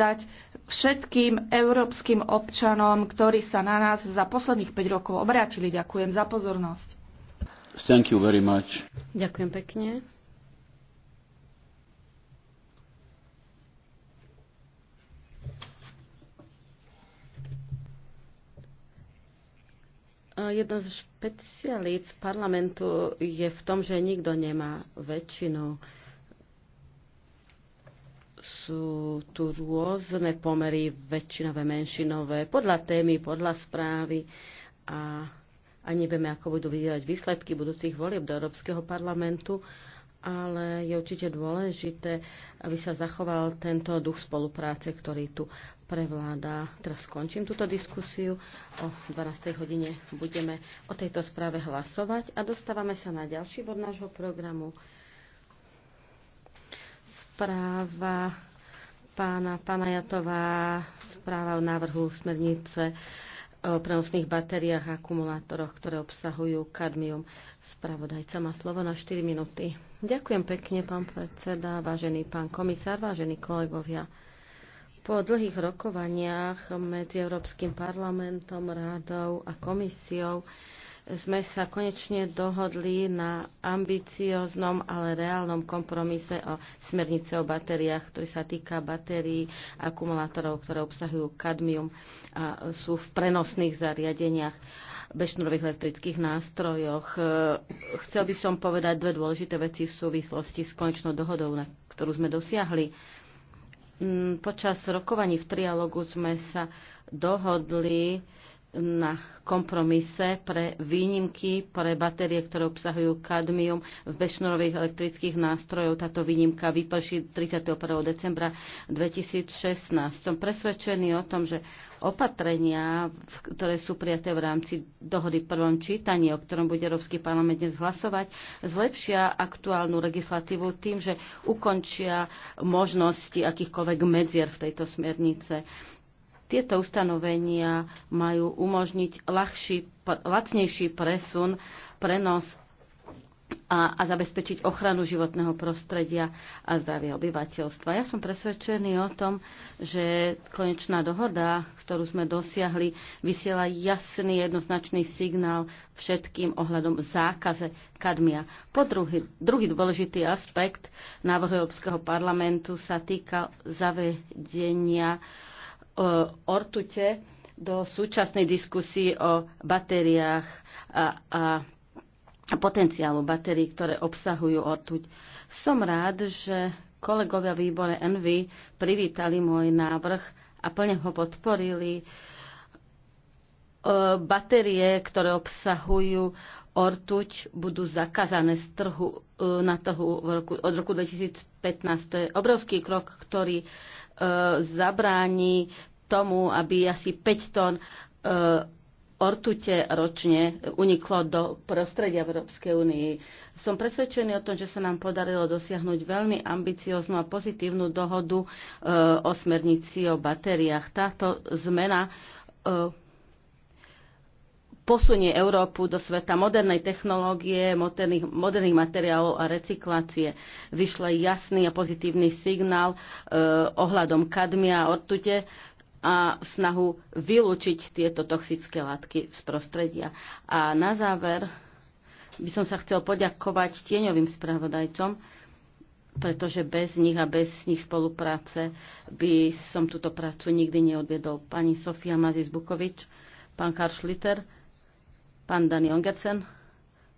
dať všetkým európskym občanom, ktorí sa na nás za posledných 5 rokov obrátili. Ďakujem za pozornosť. Thank you very much. Ďakujem pekne. E, Jedna z špecialít parlamentu je v tom, že nikto nemá väčšinu sú tu rôzne pomery, väčšinové, menšinové, podľa témy, podľa správy a, a nevieme, ako budú vydielať výsledky budúcich volieb do Európskeho parlamentu, ale je určite dôležité, aby sa zachoval tento duch spolupráce, ktorý tu prevláda. Teraz skončím túto diskusiu. O 12. hodine budeme o tejto správe hlasovať a dostávame sa na ďalší bod nášho programu správa pána Panajatová, správa o návrhu smernice o prenosných batériách a akumulátoroch, ktoré obsahujú kadmium. Spravodajca má slovo na 4 minúty. Ďakujem pekne, pán predseda, vážený pán komisár, vážení kolegovia. Po dlhých rokovaniach medzi Európskym parlamentom, rádou a komisiou sme sa konečne dohodli na ambicioznom, ale reálnom kompromise o smernice o batériách, ktorý sa týka batérií akumulátorov, ktoré obsahujú kadmium a sú v prenosných zariadeniach bešnúrových elektrických nástrojoch. Chcel by som povedať dve dôležité veci v súvislosti s konečnou dohodou, na ktorú sme dosiahli. Mm, počas rokovaní v trialogu sme sa dohodli, na kompromise pre výnimky pre batérie, ktoré obsahujú kadmium v bešnorových elektrických nástrojov. Táto výnimka vyprší 31. decembra 2016. Som presvedčený o tom, že opatrenia, ktoré sú prijaté v rámci dohody v prvom čítaní, o ktorom bude Európsky parlament dnes hlasovať, zlepšia aktuálnu legislatívu tým, že ukončia možnosti akýchkoľvek medzier v tejto smernice tieto ustanovenia majú umožniť ľahší, lacnejší presun, prenos a, a zabezpečiť ochranu životného prostredia a zdravia obyvateľstva. Ja som presvedčený o tom, že konečná dohoda, ktorú sme dosiahli, vysiela jasný, jednoznačný signál všetkým ohľadom zákaze kadmia. Po druhý, druhý dôležitý aspekt návrhu Európskeho parlamentu sa týka zavedenia uh, E, ortute do súčasnej diskusii o batériách a, a potenciálu batérií, ktoré obsahujú ortuť. Som rád, že kolegovia výbore Envy privítali môj návrh a plne ho podporili. E, batérie, ktoré obsahujú ortuť budú zakázané z trhu, e, na trhu roku, od roku 2015. To je obrovský krok, ktorý zabráni tomu, aby asi 5 tón e, ortute ročne uniklo do prostredia Európskej únii. Som presvedčený o tom, že sa nám podarilo dosiahnuť veľmi ambicioznú a pozitívnu dohodu e, o smernici o batériách. Táto zmena e, posunie Európu do sveta modernej technológie, moderných, moderných materiálov a recyklácie. Vyšle jasný a pozitívny signál e, ohľadom kadmia a ortute, a snahu vylúčiť tieto toxické látky z prostredia. A na záver by som sa chcel poďakovať tieňovým spravodajcom, pretože bez nich a bez nich spolupráce by som túto prácu nikdy neodviedol. Pani Sofia Mazis Bukovič, pán Karl Schlitter, pán Dani Ongersen,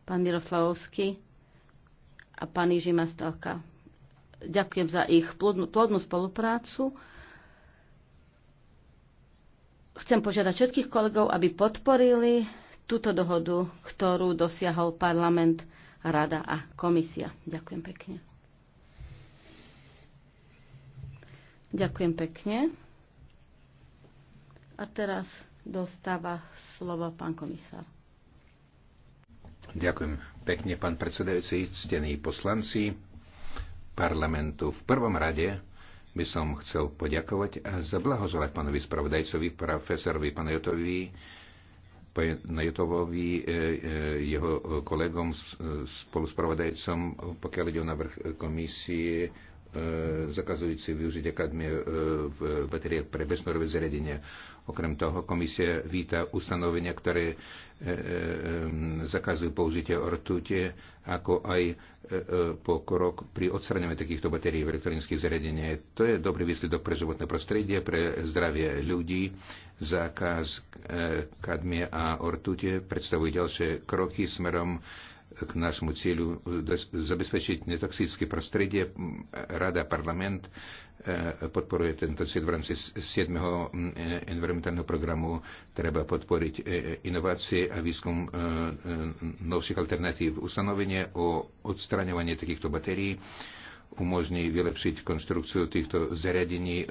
pán Miroslavovský a pán Iži Mastalka. Ďakujem za ich plodnú, plodnú spoluprácu chcem požiadať všetkých kolegov, aby podporili túto dohodu, ktorú dosiahol parlament, rada a komisia. Ďakujem pekne. Ďakujem pekne. A teraz dostáva slovo pán komisár. Ďakujem pekne, pán predsedajúci, ctení poslanci parlamentu. V prvom rade by som chcel poďakovať a zablahoželať pánovi spravodajcovi, profesorovi Panajotovi, Panajotovovi, e, e, jeho kolegom, e, spoluspravodajcom, pokiaľ ide o návrh komisie zakazujúci využiť akadmie v bateriách pre bezmerové zariadenia. Okrem toho komisia víta ustanovenia, ktoré e, e, zakazujú použitie ortute, ako aj e, e, pokrok pri odstraňovaní takýchto batérií v elektronických zariadeniach. To je dobrý výsledok pre životné prostredie, pre zdravie ľudí. Zákaz e, kadmie a ortute predstavujú ďalšie kroky smerom k nášmu cieľu zabezpečiť netoxické prostredie. Rada parlament E, podporuje tento cieľ v rámci 7. E, environmentálneho programu. Treba podporiť e, inovácie a výskum novších alternatív. Ustanovenie o odstraňovanie takýchto batérií umožní vylepšiť konštrukciu týchto zariadení, e, e,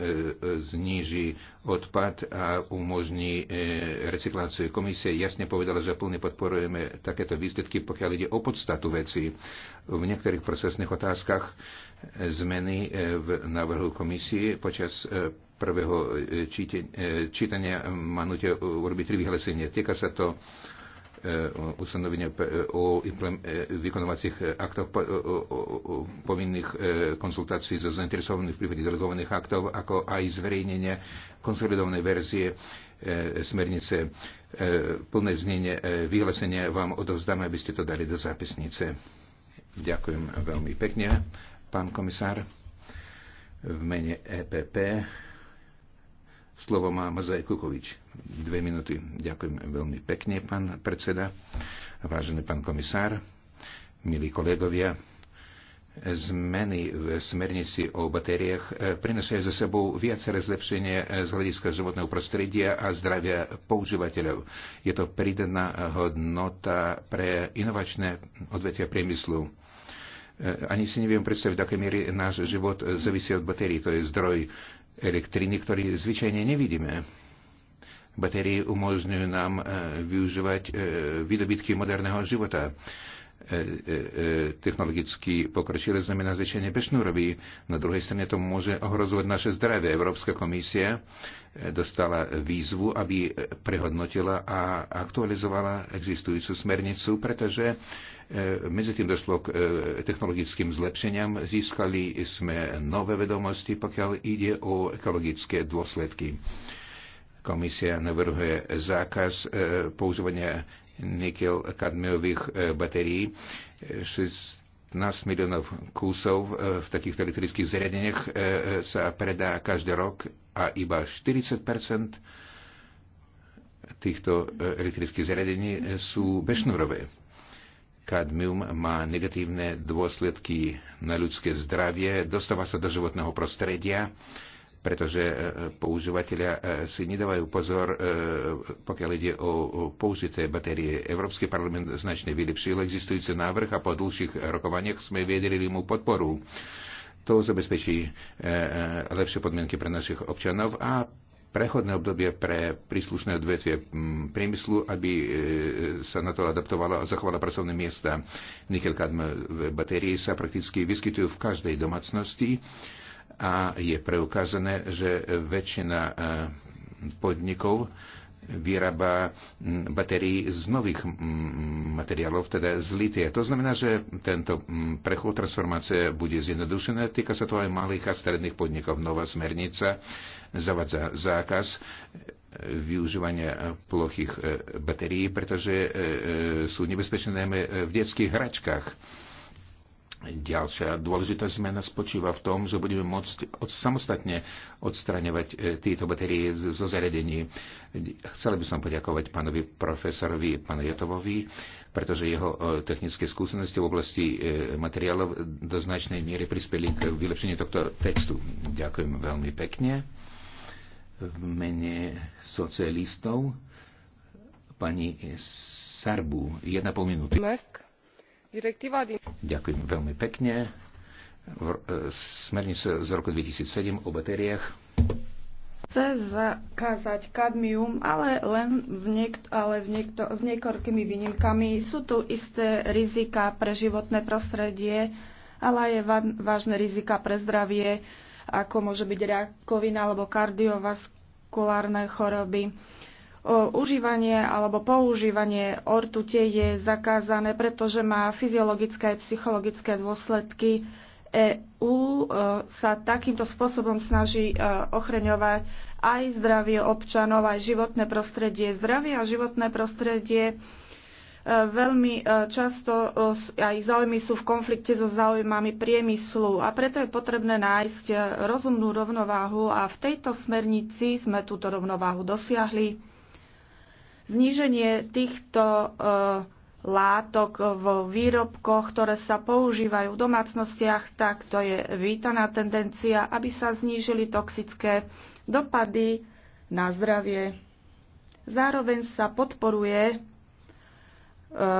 zníži odpad a umožní e, recykláciu. Komisia jasne povedala, že plne podporujeme takéto výsledky, pokiaľ ide o podstatu veci. V niektorých procesných otázkach zmeny v návrhu komisie počas prvého čítania manutia urobiť tri vyhlesenie. Týka sa to E, ustanovenia e, o e, vykonovacích aktoch povinných konzultácií so zainteresovaných v prípade delegovaných aktov, ako aj zverejnenie konsolidovanej verzie smernice. Plné znenie vyhlásenia vám odovzdáme, aby ste to dali do zápisnice. Ďakujem veľmi pekne, pán komisár. V mene EPP Slovo má Mazaj Kukovič. Dve minúty. Ďakujem veľmi pekne, pán predseda, vážený pán komisár, milí kolegovia. Zmeny v smernici o batériách e, prinesie za sebou viaceré zlepšenie e, z hľadiska životného prostredia a zdravia používateľov. Je to pridaná hodnota pre inovačné odvetvia priemyslu e, ani si neviem predstaviť, do akej miery náš život závisí od batérií. To je zdroj elektriny, ktoré zvyčajne nevidíme. Batérie umožňujú nám e, využívať e, výdobytky moderného života. E, Technologicky pokročilé znamená zväčšenie bešnúrovy. Na druhej strane to môže ohrozovať naše zdravie. Európska komisia dostala výzvu, aby prehodnotila a aktualizovala existujúcu smernicu, pretože E, medzi tým došlo k e, technologickým zlepšeniam, získali sme nové vedomosti, pokiaľ ide o ekologické dôsledky. Komisia navrhuje zákaz e, používania nikel-kadmiových batérií. 16 miliónov kusov v takých elektrických zariadeniach sa predá každý rok a iba 40 týchto elektrických zariadení sú bešnúrové kadmium má negatívne dôsledky na ľudské zdravie, dostáva sa do životného prostredia, pretože e, používateľia e, si nedávajú pozor, e, pokiaľ ide o použité batérie. Európsky parlament značne vylepšil existujúci návrh a po dlhších rokovaniach sme viedeli mu podporu. To zabezpečí lepšie podmienky pre našich občanov a prechodné obdobie pre príslušné odvetvie mm, priemyslu, aby e, sa na to adaptovala a zachovala pracovné miesta. nikel v e, batérii sa prakticky vyskytujú v každej domácnosti a je preukázané, že väčšina e, podnikov vyrába batérií z nových materiálov, teda z litie. To znamená, že tento prechod transformácie bude zjednodušené. Týka sa to aj malých a stredných podnikov. Nová smernica zavadza zákaz e, využívania e, plochých e, batérií, pretože sú nebezpečné najmä v detských hračkách Ďalšia dôležitá zmena spočíva v tom, že budeme môcť od, samostatne odstraňovať e, tieto batérie zo zariadení. Chcel by som poďakovať pánovi profesorovi, pánu Jotovovi, pretože jeho e, technické skúsenosti v oblasti e, materiálov do značnej miery prispeli k vylepšeniu tohto textu. Ďakujem veľmi pekne. V mene socialistov pani Sarbu, jedna pol minúty. Ďakujem veľmi pekne. E, Smernica z roku 2007 o batériách chce zakázať kadmium, ale len v niekto, ale v niekto- s niekoľkými výnimkami. Sú tu isté rizika pre životné prostredie, ale je vážne rizika pre zdravie, ako môže byť rakovina alebo kardiovaskulárne choroby užívanie alebo používanie ortute je zakázané, pretože má fyziologické a psychologické dôsledky. EÚ e, sa takýmto spôsobom snaží e, ochreňovať aj zdravie občanov, aj životné prostredie. Zdravie a životné prostredie e, veľmi často aj záujmy sú v konflikte so záujmami priemyslu a preto je potrebné nájsť rozumnú rovnováhu a v tejto smernici sme túto rovnováhu dosiahli. Zníženie týchto eh, látok v výrobkoch, ktoré sa používajú v domácnostiach, tak to je vítaná tendencia, aby sa znížili toxické dopady na zdravie. Zároveň sa podporuje eh,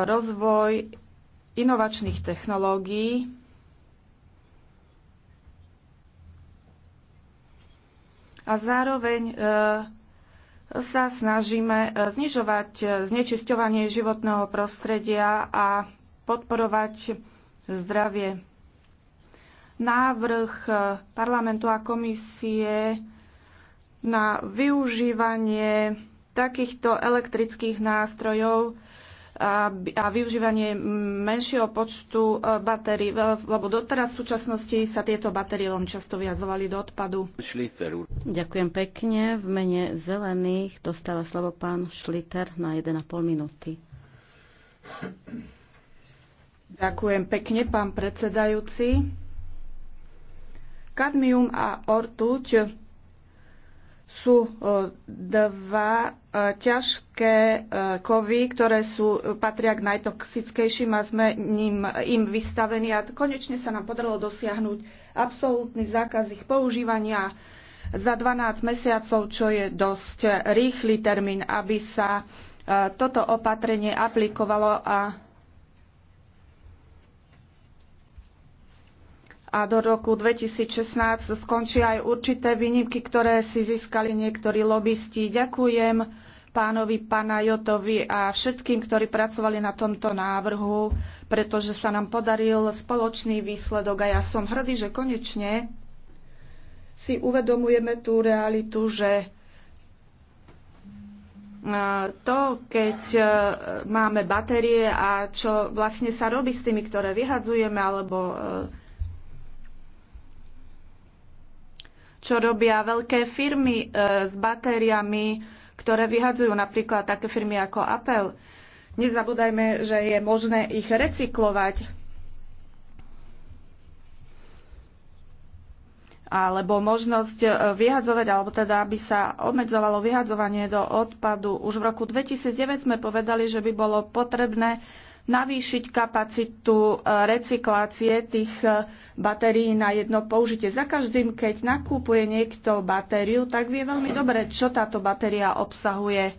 rozvoj inovačných technológií, a zároveň eh, sa snažíme e, znižovať e, znečisťovanie životného prostredia a podporovať zdravie. Návrh e, parlamentu a komisie na využívanie takýchto elektrických nástrojov a, a využívanie menšieho počtu e, batérií, e, lebo doteraz v súčasnosti sa tieto batérie len často viazovali do odpadu. Šliteru. Ďakujem pekne. V mene zelených dostáva slovo pán Šliter na 1,5 minúty. Ďakujem pekne, pán predsedajúci. Kadmium a ortuť sú e, dva e, ťažké e, kovy, ktoré sú, patria k najtoxickejším a sme ním, im vystavení. A konečne sa nám podarilo dosiahnuť absolútny zákaz ich používania za 12 mesiacov, čo je dosť rýchly termín, aby sa toto opatrenie aplikovalo a a do roku 2016 skončia aj určité výnimky, ktoré si získali niektorí lobbysti. Ďakujem pánovi pána Jotovi a všetkým, ktorí pracovali na tomto návrhu, pretože sa nám podaril spoločný výsledok a ja som hrdý, že konečne si uvedomujeme tú realitu, že to, keď e, máme batérie a čo vlastne sa robí s tými, ktoré vyhadzujeme alebo e, čo robia veľké firmy e, s batériami, ktoré vyhadzujú napríklad také firmy ako Apple. Nezabúdajme, že je možné ich recyklovať alebo možnosť e, vyhadzovať, alebo teda, aby sa obmedzovalo vyhadzovanie do odpadu. Už v roku 2009 sme povedali, že by bolo potrebné navýšiť kapacitu e, recyklácie tých e, batérií na jedno použitie. Za každým, keď nakúpuje niekto batériu, tak vie veľmi dobre, čo táto batéria obsahuje.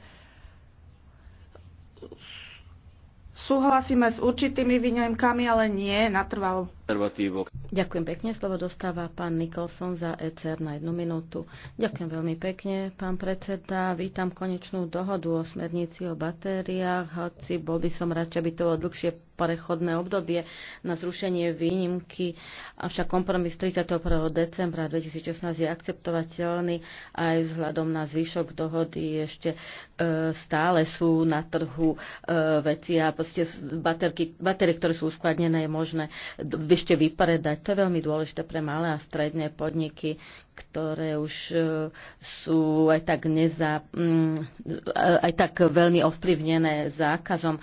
Súhlasíme s určitými výnimkami, ale nie natrvalo. Ďakujem pekne. Slovo dostáva pán Nikolson za ECR na jednu minútu. Ďakujem veľmi pekne, pán predseda. Vítam konečnú dohodu o smernici o batériách, hoci bol by som radšej aby to bolo dlhšie prechodné obdobie na zrušenie výnimky, avšak kompromis 31. decembra 2016 je akceptovateľný aj vzhľadom na zvyšok dohody ešte e, stále sú na trhu e, veci a proste baterky, ktoré sú uskladnené, je možné ešte vypredať. To je veľmi dôležité pre malé a stredné podniky, ktoré už e, sú aj tak, neza, mm, e, aj tak veľmi ovplyvnené zákazom. E,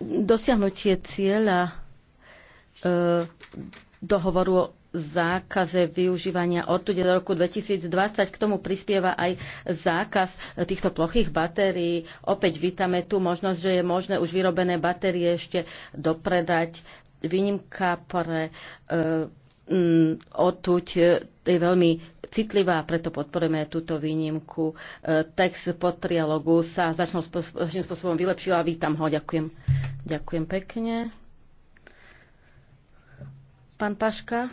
dosiahnutie cieľa dohovoru o zákaze využívania odtude do roku 2020. K tomu prispieva aj zákaz týchto plochých batérií. Opäť vítame tú možnosť, že je možné už vyrobené batérie ešte dopredať. Výnimka pre e, m, je veľmi citlivá, preto podporujeme túto výnimku. E, text po trialogu sa začnou spôsobom, spôsobom vylepšil a vítam ho. Ďakujem. Ďakujem pekne. Pán Paška.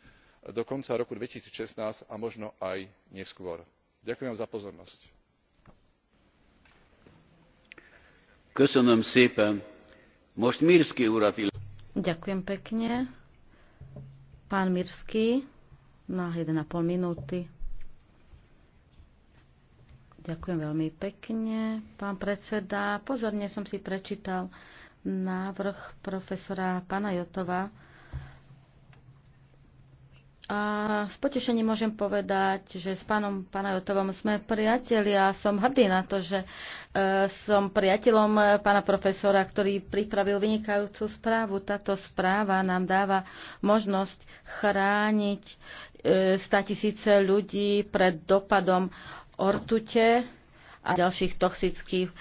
do konca roku two thousand and sixteen a možno aj neskôr. ďakujem vám za pozornosť. ďakujem pekne. pán mirsky minúty. Ďakujem veľmi pekne, pán predseda. Pozorne som si prečítal návrh profesora Panajotova a s potešením môžem povedať, že s pánom Panajotovom sme priatelia a som hrdý na to, že e, som priateľom e, pána profesora, ktorý pripravil vynikajúcu správu. Táto správa nám dáva možnosť chrániť e, 100 tisíce ľudí pred dopadom ortute a ďalších toxických e,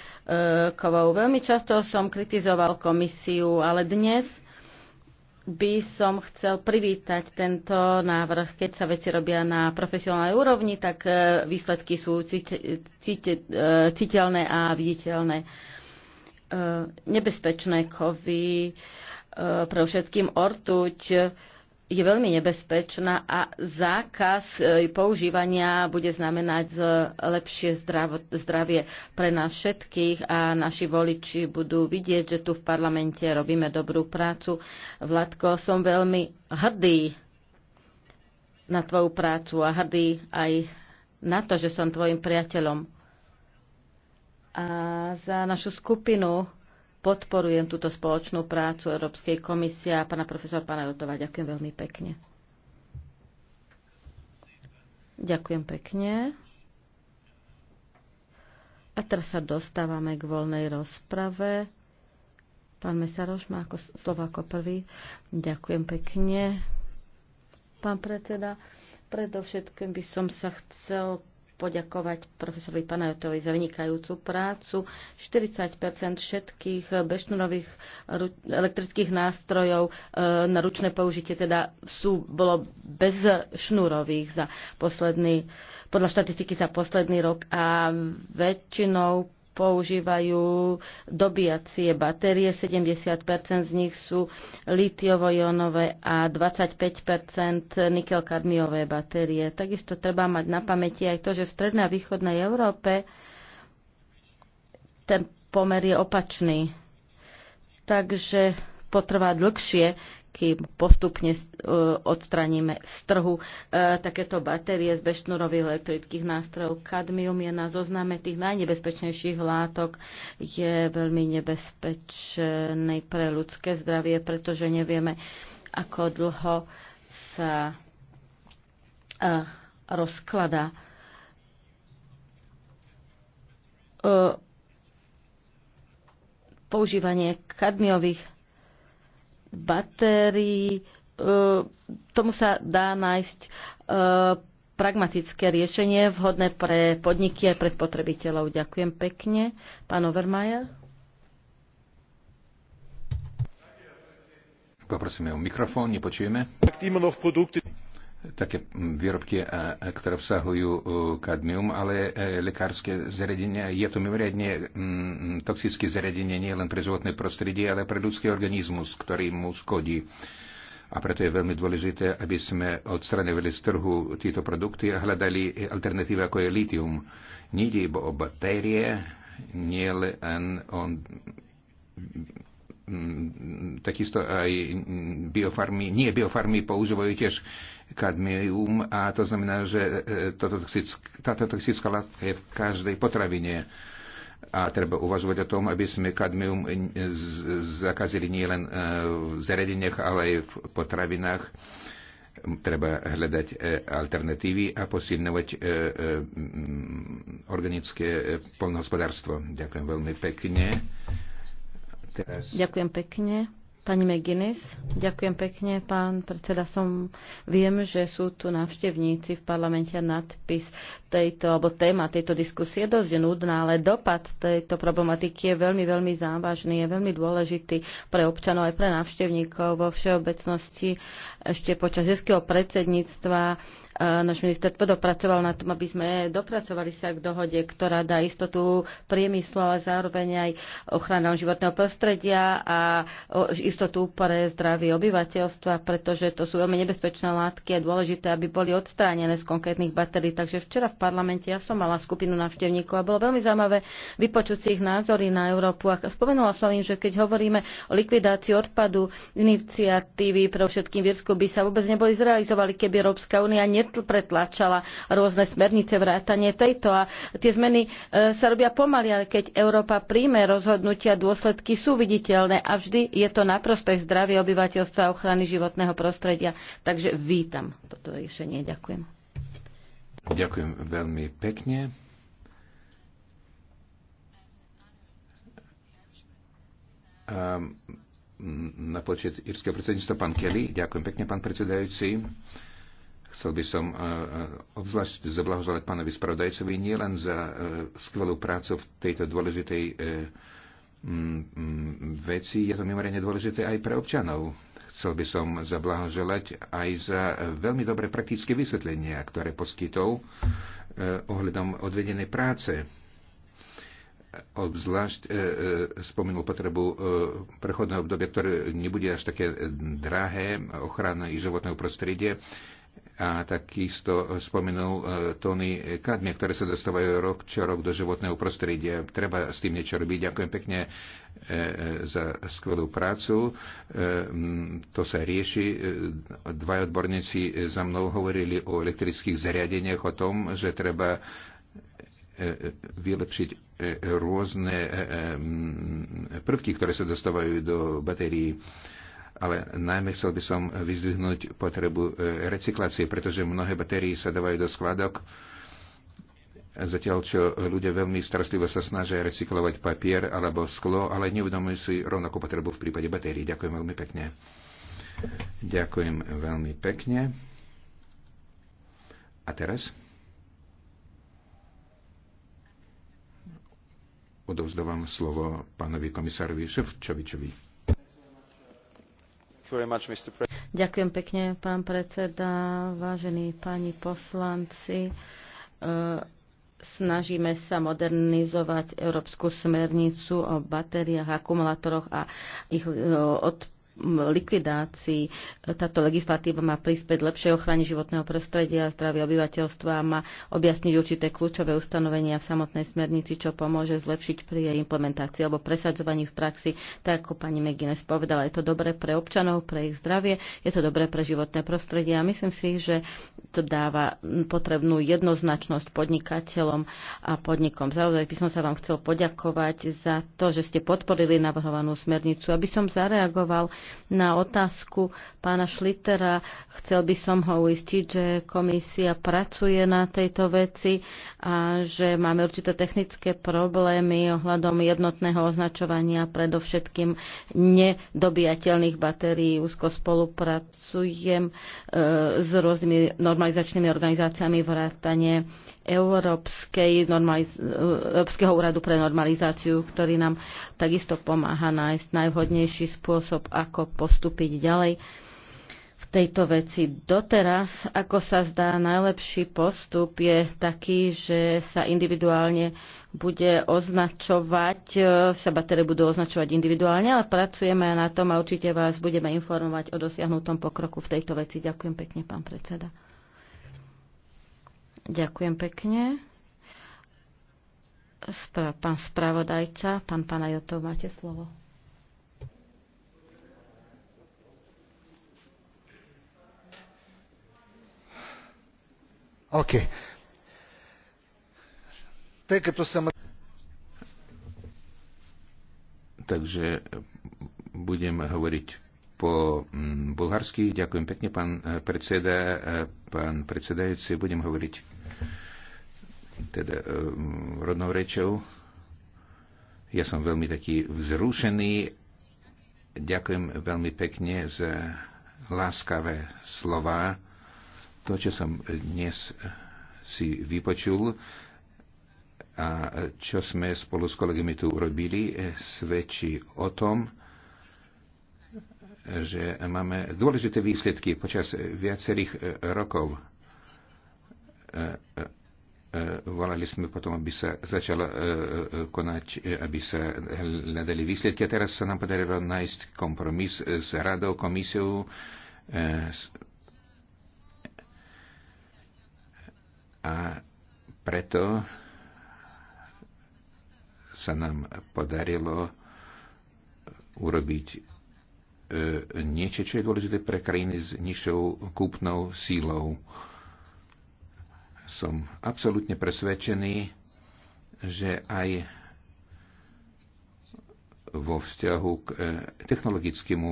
kovov. Veľmi často som kritizoval komisiu, ale dnes by som chcel privítať tento návrh. Keď sa veci robia na profesionálnej úrovni, tak e, výsledky sú e, citeľné a viditeľné. E, nebezpečné kovy, pre všetkým ortuť, je veľmi nebezpečná a zákaz e, používania bude znamenať e, lepšie zdravie pre nás všetkých a naši voliči budú vidieť, že tu v parlamente robíme dobrú prácu. Vladko, som veľmi hrdý na tvoju prácu a hrdý aj na to, že som tvojim priateľom. A za našu skupinu podporujem túto spoločnú prácu Európskej komisie a pána profesora pána Jotova. Ďakujem veľmi pekne. Ďakujem pekne. A teraz sa dostávame k voľnej rozprave. Pán Mesaroš má ako, slovo ako prvý. Ďakujem pekne. Pán predseda, predovšetkým by som sa chcel poďakovať profesorovi Panajotovi za vynikajúcu prácu. 40 všetkých bežnurových elektrických nástrojov e, na ručné použitie teda sú, bolo bez šnurových za posledný, podľa štatistiky za posledný rok a väčšinou používajú dobíjacie batérie, 70 z nich sú litiovo-ionové a 25 nikel-kadmiové batérie. Takisto treba mať na pamäti aj to, že v strednej a východnej Európe ten pomer je opačný. Takže potrvá dlhšie, kým postupne e, odstraníme z trhu e, takéto batérie z bešnurových elektrických nástrojov. Kadmium je na zozname tých najnebezpečnejších látok, je veľmi nebezpečný pre ľudské zdravie, pretože nevieme, ako dlho sa e, rozklada používanie kadmiových batérií. E, tomu sa dá nájsť e, pragmatické riešenie, vhodné pre podniky aj pre spotrebiteľov. Ďakujem pekne. Pán Overmajer. Poprosíme o mikrofón, nepočujeme také výrobky, e, ktoré obsahujú e, kadmium, ale e, lekárske zariadenia je to mimoriadne mm, toxické zariadenie len pre životné prostredie, ale pre ľudský organizmus, ktorý mu škodí. A preto je veľmi dôležité, aby sme odstranili z trhu tieto produkty a hľadali alternatívy, ako je litium. je iba o batérie, nie len o Mm, takisto aj mm, biofarmy, nie biofarmy používajú tiež kadmium a to znamená, že e, toto toxick, táto toxická látka je v každej potravine a treba uvažovať o tom, aby sme kadmium zakazili nielen e, v zariadeniach, ale aj v potravinách. Treba hľadať e, alternatívy a posilňovať organické polnohospodárstvo. Ďakujem veľmi pekne. Ďakujem pekne. Pani McGuinness, ďakujem pekne, pán predseda. Som, viem, že sú tu návštevníci v parlamente nadpis tejto, alebo téma tejto diskusie je dosť nudná, ale dopad tejto problematiky je veľmi, veľmi závažný, je veľmi dôležitý pre občanov aj pre návštevníkov vo všeobecnosti. Ešte počas českého predsedníctva náš minister podopracoval na tom, aby sme dopracovali sa k dohode, ktorá dá istotu priemyslu, ale zároveň aj ochranu životného prostredia a istotu pre zdravie obyvateľstva, pretože to sú veľmi nebezpečné látky a dôležité, aby boli odstránené z konkrétnych batérií. Takže včera v parlamente ja som mala skupinu návštevníkov a bolo veľmi zaujímavé vypočuť si ich názory na Európu. A spomenula som im, že keď hovoríme o likvidácii odpadu, iniciatívy pre všetkým Vírsku by sa vôbec neboli zrealizovali, keby Európska únia ne nepretláčala rôzne smernice vrátanie tejto. A tie zmeny e, sa robia pomaly, ale keď Európa príjme rozhodnutia, dôsledky sú viditeľné a vždy je to na prospech zdravia obyvateľstva a ochrany životného prostredia. Takže vítam toto riešenie. Ďakujem. Ďakujem veľmi pekne. na počet írskeho predsedníctva pán Kelly. Ďakujem pekne, pán predsedajúci. Chcel by som e, e, obzvlášť zablahozovať pánovi spravodajcovi nielen za e, skvelú prácu v tejto dôležitej veci, je to mimoriadne dôležité aj pre občanov. Chcel by som zablahoželať aj za veľmi dobré praktické vysvetlenia, ktoré poskytol ohľadom odvedenej práce. Obzvlášť e, spomenul potrebu prechodného obdobia, ktoré nebude až také drahé, ochrana i životného prostredie a takisto spomenul e, tóny kadmie, ktoré sa dostávajú rok čo rok do životného prostredia. Treba s tým niečo robiť. Ďakujem pekne e, e, za skvelú prácu. To sa rieši. Dva odborníci za mnou hovorili o elektrických zariadeniach, o tom, že treba vylepšiť rôzne prvky, ktoré sa dostávajú do batérií ale najmä chcel by som vyzdvihnúť potrebu e, recyklácie, pretože mnohé batérie sa dávajú do skladok, zatiaľ čo ľudia veľmi starostlivo sa snažia recyklovať papier alebo sklo, ale neuvedomujú si rovnakú potrebu v prípade batérií. Ďakujem veľmi pekne. Ďakujem veľmi pekne. A teraz? Odovzdávam slovo pánovi komisárovi Ševčovičovi. Ďakujem pekne, pán predseda, vážení páni poslanci. E, snažíme sa modernizovať Európsku smernicu o batériách, akumulátoroch a ich e, odpadoch likvidácii. Táto legislatíva má prispieť lepšej ochrane životného prostredia a zdravia obyvateľstva a má objasniť určité kľúčové ustanovenia v samotnej smernici, čo pomôže zlepšiť pri jej implementácii alebo presadzovaní v praxi. Tak ako pani McGuinness povedala, je to dobré pre občanov, pre ich zdravie, je to dobré pre životné prostredie a myslím si, že to dáva potrebnú jednoznačnosť podnikateľom a podnikom. Zároveň by som sa vám chcel poďakovať za to, že ste podporili navrhovanú smernicu, aby som zareagoval na otázku pána Šlitera chcel by som ho uistiť, že komisia pracuje na tejto veci a že máme určité technické problémy ohľadom jednotného označovania predovšetkým nedobiateľných batérií. Úzko spolupracujem e, s rôznymi normalizačnými organizáciami vrátane Európskej normaliz- Európskeho úradu pre normalizáciu, ktorý nám takisto pomáha nájsť najvhodnejší spôsob, ako postúpiť ďalej v tejto veci. Doteraz, ako sa zdá, najlepší postup je taký, že sa individuálne bude označovať, e, sa batérie budú označovať individuálne, ale pracujeme na tom a určite vás budeme informovať o dosiahnutom pokroku v tejto veci. Ďakujem pekne, pán predseda. Ďakujem pekne. Spra- pán spravodajca, pán Panajotov, máte slovo. OK. Тъй като съм... Takže budem hovoriť po mm, bulharsky. Ďakujem pekne, pán eh, predseda, eh, pán predsedajúci, budem hovoriť teda um, rodnou rečou. Ja som veľmi taký vzrušený. Ďakujem veľmi pekne za láskavé slova. To, čo som dnes si vypočul a čo sme spolu s kolegami tu urobili, e, svedčí o tom, že máme dôležité výsledky počas viacerých e, rokov volali sme potom, aby sa začalo e, e, konať, e, aby sa hľadali výsledky. A teraz sa nám podarilo nájsť kompromis s radou, komisiou, a preto sa nám podarilo urobiť niečo, čo je dôležité pre krajiny s nižšou kúpnou sílou som absolútne presvedčený, že aj vo vzťahu k e, technologickému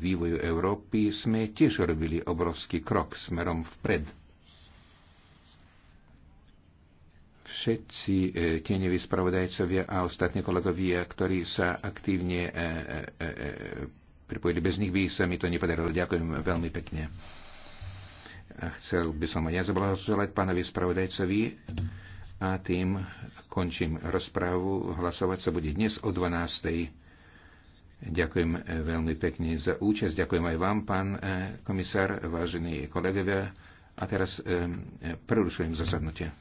vývoju Európy sme tiež robili obrovský krok smerom vpred. Všetci e, tieňoví spravodajcovia a ostatní kolegovia, ktorí sa aktívne e, pripojili, bez nich by sa mi to nepodarilo. Ďakujem veľmi pekne. A chcel by som aj ja zablahoželať pánovi spravodajcovi a tým končím rozprávu. Hlasovať sa bude dnes o 12. Ďakujem e, veľmi pekne za účasť. Ďakujem aj vám, pán e, komisár, vážení kolegovia. A teraz e, prerušujem zasadnutie.